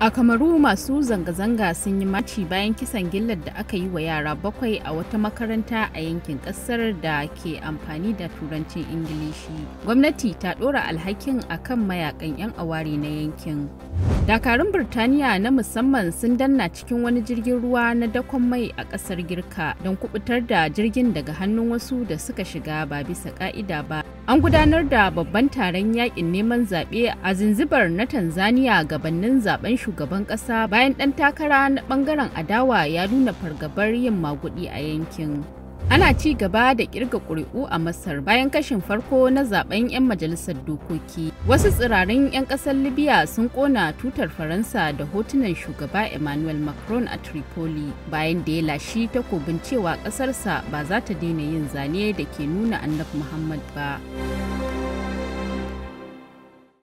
A Kamaru masu zanga-zanga sun yi maci bayan kisan gillar da aka yi wa yara bakwai a wata makaranta a yankin kasar da ke amfani da turancin Ingilishi. Gwamnati ta ɗora alhakin a kan mayakan 'yan awari na yankin. Dakarun Birtaniya na musamman sun danna cikin wani jirgin ruwa na dakon mai a ƙasar Girka don kubutar da jirgin daga hannun wasu da suka shiga ba bisa ƙa'ida ba. An gudanar da babban taron yakin neman zaɓe a Zanzibar na Tanzania gabanin zaben shugaban ƙasa bayan ɗan takara na ɓangaren adawa ya nuna fargabar yin maguɗi a yankin. Ana ci gaba da kirga ƙuri'u a Masar bayan kashin farko na zaben 'yan majalisar dokoki. Wasu tsirarin 'yan ƙasar Libya sun ƙona tutar Faransa da hotunan shugaba Emmanuel Macron a Tripoli bayan da ya lashi takobin cewa ƙasarsa ba za ta daina yin zane da ke nuna Annabi Muhammad ba.